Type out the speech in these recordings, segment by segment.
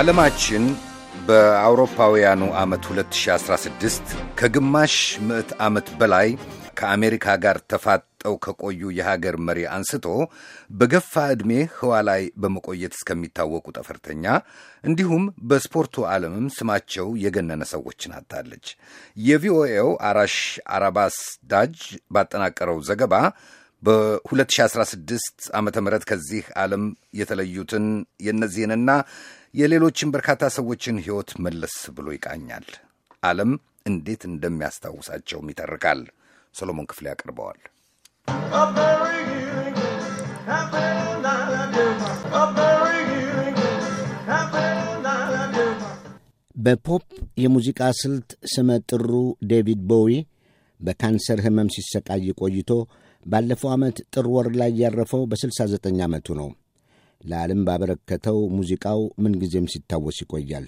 ዓለማችን በአውሮፓውያኑ ዓመት 2016 ከግማሽ ምዕት ዓመት በላይ ከአሜሪካ ጋር ተፋጠው ከቆዩ የሀገር መሪ አንስቶ በገፋ ዕድሜ ህዋ ላይ በመቆየት እስከሚታወቁ ጠፈርተኛ እንዲሁም በስፖርቱ ዓለምም ስማቸው የገነነ ሰዎችን አታለች። የቪኦኤው አራሽ አራባስ ዳጅ ባጠናቀረው ዘገባ በ2016 ዓ ም ከዚህ ዓለም የተለዩትን የእነዚህንና የሌሎችን በርካታ ሰዎችን ሕይወት መለስ ብሎ ይቃኛል። ዓለም እንዴት እንደሚያስታውሳቸውም ይተርካል። ሰሎሞን ክፍሌ ያቀርበዋል። በፖፕ የሙዚቃ ስልት ስመጥሩ ዴቪድ ቦዊ በካንሰር ህመም ሲሰቃይ ቆይቶ ባለፈው ዓመት ጥር ወር ላይ ያረፈው በ69 ዓመቱ ነው። ለዓለም ባበረከተው ሙዚቃው ምንጊዜም ሲታወስ ይቆያል።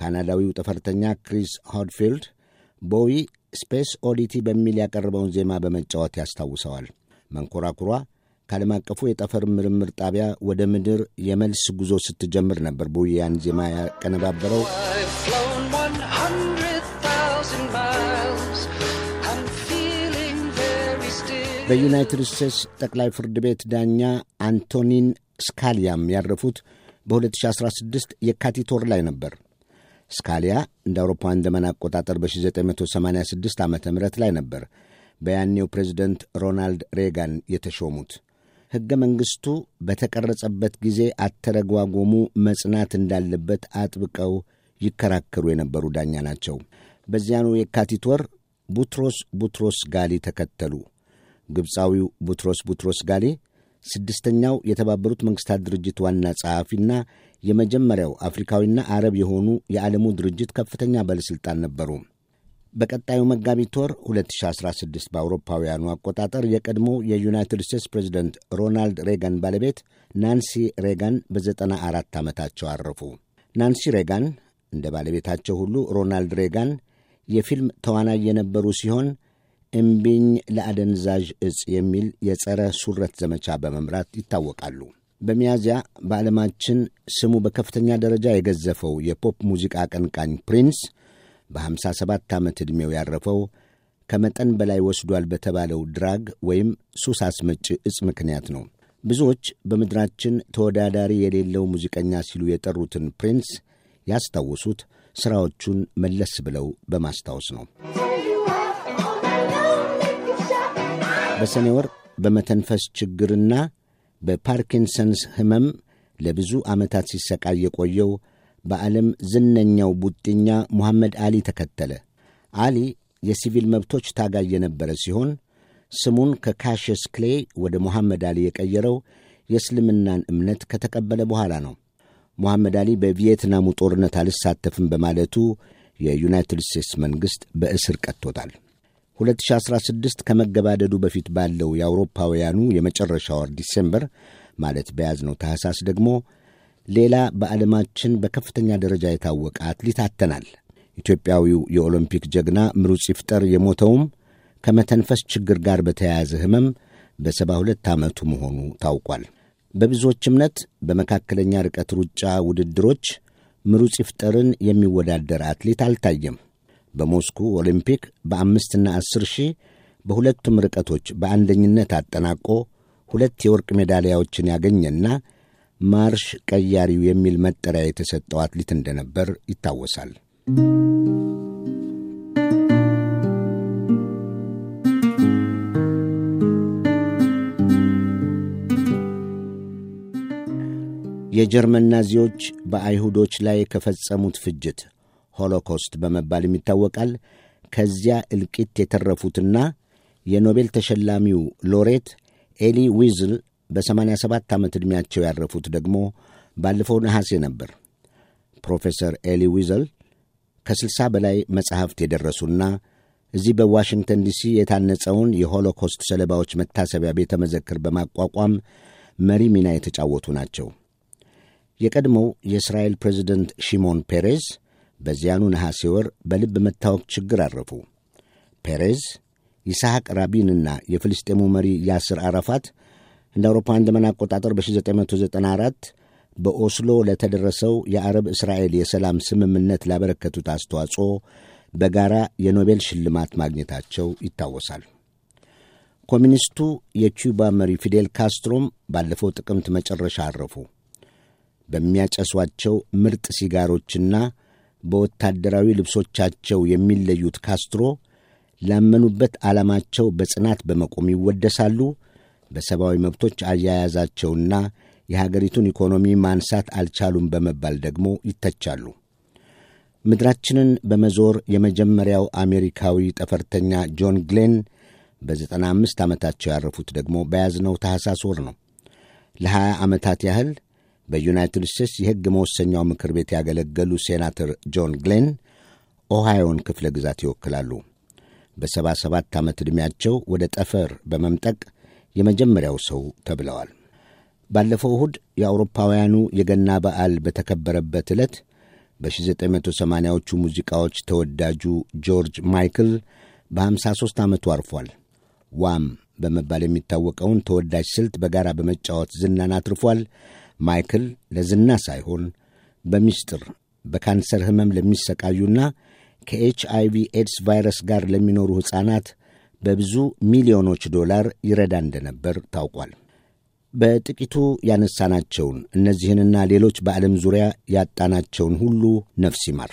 ካናዳዊው ጠፈርተኛ ክሪስ ሆድፊልድ ቦዊ ስፔስ ኦዲቲ በሚል ያቀረበውን ዜማ በመጫወት ያስታውሰዋል። መንኮራኩሯ ከዓለም አቀፉ የጠፈር ምርምር ጣቢያ ወደ ምድር የመልስ ጉዞ ስትጀምር ነበር ቦዊ ያን ዜማ ያቀነባበረው። በዩናይትድ ስቴትስ ጠቅላይ ፍርድ ቤት ዳኛ አንቶኒን ስካሊያም ያረፉት በ2016 የካቲት ወር ላይ ነበር። ስካሊያ እንደ አውሮፓውያን ዘመን አቆጣጠር በ1986 ዓ ም ላይ ነበር በያኔው ፕሬዚደንት ሮናልድ ሬጋን የተሾሙት። ሕገ መንግሥቱ በተቀረጸበት ጊዜ አተረጓጎሙ መጽናት እንዳለበት አጥብቀው ይከራከሩ የነበሩ ዳኛ ናቸው። በዚያኑ የካቲት ወር ቡትሮስ ቡትሮስ ጋሊ ተከተሉ። ግብፃዊው ቡትሮስ ቡትሮስ ጋሌ ስድስተኛው የተባበሩት መንግሥታት ድርጅት ዋና ጸሐፊና የመጀመሪያው አፍሪካዊና አረብ የሆኑ የዓለሙ ድርጅት ከፍተኛ ባለሥልጣን ነበሩ። በቀጣዩ መጋቢት ወር 2016 በአውሮፓውያኑ አቆጣጠር የቀድሞ የዩናይትድ ስቴትስ ፕሬዚደንት ሮናልድ ሬጋን ባለቤት ናንሲ ሬጋን በ94 ዓመታቸው አረፉ። ናንሲ ሬጋን እንደ ባለቤታቸው ሁሉ ሮናልድ ሬጋን የፊልም ተዋናይ የነበሩ ሲሆን እምቢኝ ለአደንዛዥ እጽ የሚል የጸረ ሱረት ዘመቻ በመምራት ይታወቃሉ። በሚያዚያ በዓለማችን ስሙ በከፍተኛ ደረጃ የገዘፈው የፖፕ ሙዚቃ አቀንቃኝ ፕሪንስ በ57 ዓመት ዕድሜው ያረፈው ከመጠን በላይ ወስዷል በተባለው ድራግ ወይም ሱስ አስመጪ እጽ ምክንያት ነው። ብዙዎች በምድራችን ተወዳዳሪ የሌለው ሙዚቀኛ ሲሉ የጠሩትን ፕሪንስ ያስታውሱት ሥራዎቹን መለስ ብለው በማስታወስ ነው። በሰኔ ወር በመተንፈስ ችግርና በፓርኪንሰንስ ህመም ለብዙ ዓመታት ሲሰቃይ የቆየው በዓለም ዝነኛው ቡጢኛ ሙሐመድ አሊ ተከተለ። አሊ የሲቪል መብቶች ታጋይ የነበረ ሲሆን ስሙን ከካሽስ ክሌይ ወደ ሙሐመድ አሊ የቀየረው የእስልምናን እምነት ከተቀበለ በኋላ ነው። ሙሐመድ አሊ በቪየትናሙ ጦርነት አልሳተፍም በማለቱ የዩናይትድ ስቴትስ መንግሥት በእስር ቀጥቶታል። 2016 ከመገባደዱ በፊት ባለው የአውሮፓውያኑ የመጨረሻ ወር ዲሴምበር ማለት በያዝነው ታህሳስ ደግሞ ሌላ በዓለማችን በከፍተኛ ደረጃ የታወቀ አትሌት አተናል። ኢትዮጵያዊው የኦሎምፒክ ጀግና ምሩፅ ይፍጠር የሞተውም ከመተንፈስ ችግር ጋር በተያያዘ ሕመም በሰባ ሁለት ዓመቱ መሆኑ ታውቋል። በብዙዎች እምነት በመካከለኛ ርቀት ሩጫ ውድድሮች ምሩፅ ይፍጠርን የሚወዳደር አትሌት አልታየም። በሞስኩ ኦሊምፒክ በአምስትና አስር ሺህ በሁለቱም ርቀቶች በአንደኝነት አጠናቆ ሁለት የወርቅ ሜዳሊያዎችን ያገኘና ማርሽ ቀያሪው የሚል መጠሪያ የተሰጠው አትሌት እንደነበር ይታወሳል። የጀርመን ናዚዎች በአይሁዶች ላይ ከፈጸሙት ፍጅት ሆሎኮስት በመባልም ይታወቃል። ከዚያ እልቂት የተረፉትና የኖቤል ተሸላሚው ሎሬት ኤሊ ዊዝል በ87 ዓመት ዕድሜያቸው ያረፉት ደግሞ ባለፈው ነሐሴ ነበር። ፕሮፌሰር ኤሊ ዊዘል ከ60 በላይ መጻሕፍት የደረሱና እዚህ በዋሽንግተን ዲሲ የታነጸውን የሆሎኮስት ሰለባዎች መታሰቢያ ቤተ መዘክር በማቋቋም መሪ ሚና የተጫወቱ ናቸው። የቀድሞው የእስራኤል ፕሬዚደንት ሺሞን ፔሬዝ በዚያኑ ነሐሴ ወር በልብ መታወክ ችግር አረፉ። ፔሬዝ፣ ይስሐቅ ራቢንና የፍልስጤሙ መሪ ያስር አረፋት እንደ አውሮፓውያን ዘመን አቆጣጠር በ1994 በኦስሎ ለተደረሰው የአረብ እስራኤል የሰላም ስምምነት ላበረከቱት አስተዋጽኦ በጋራ የኖቤል ሽልማት ማግኘታቸው ይታወሳል። ኮሚኒስቱ የኪዩባ መሪ ፊዴል ካስትሮም ባለፈው ጥቅምት መጨረሻ አረፉ። በሚያጨሷቸው ምርጥ ሲጋሮችና በወታደራዊ ልብሶቻቸው የሚለዩት ካስትሮ ላመኑበት ዓላማቸው በጽናት በመቆም ይወደሳሉ። በሰብአዊ መብቶች አያያዛቸውና የሀገሪቱን ኢኮኖሚ ማንሳት አልቻሉም በመባል ደግሞ ይተቻሉ። ምድራችንን በመዞር የመጀመሪያው አሜሪካዊ ጠፈርተኛ ጆን ግሌን በዘጠና አምስት ዓመታቸው ያረፉት ደግሞ በያዝነው ታሕሳስ ወር ነው። ለሀያ ዓመታት ያህል በዩናይትድ ስቴትስ የሕግ መወሰኛው ምክር ቤት ያገለገሉ ሴናተር ጆን ግሌን ኦሃዮን ክፍለ ግዛት ይወክላሉ። በሰባ ሰባት ዓመት ዕድሜያቸው ወደ ጠፈር በመምጠቅ የመጀመሪያው ሰው ተብለዋል። ባለፈው እሁድ የአውሮፓውያኑ የገና በዓል በተከበረበት ዕለት በ1980ዎቹ ሙዚቃዎች ተወዳጁ ጆርጅ ማይክል በ53 ዓመቱ አርፏል። ዋም በመባል የሚታወቀውን ተወዳጅ ስልት በጋራ በመጫወት ዝናን አትርፏል። ማይክል ለዝና ሳይሆን በሚስጥር በካንሰር ሕመም ለሚሰቃዩና ከኤች አይቪ ኤድስ ቫይረስ ጋር ለሚኖሩ ሕፃናት በብዙ ሚሊዮኖች ዶላር ይረዳ እንደነበር ታውቋል። በጥቂቱ ያነሳናቸውን እነዚህንና ሌሎች በዓለም ዙሪያ ያጣናቸውን ሁሉ ነፍስ ይማር።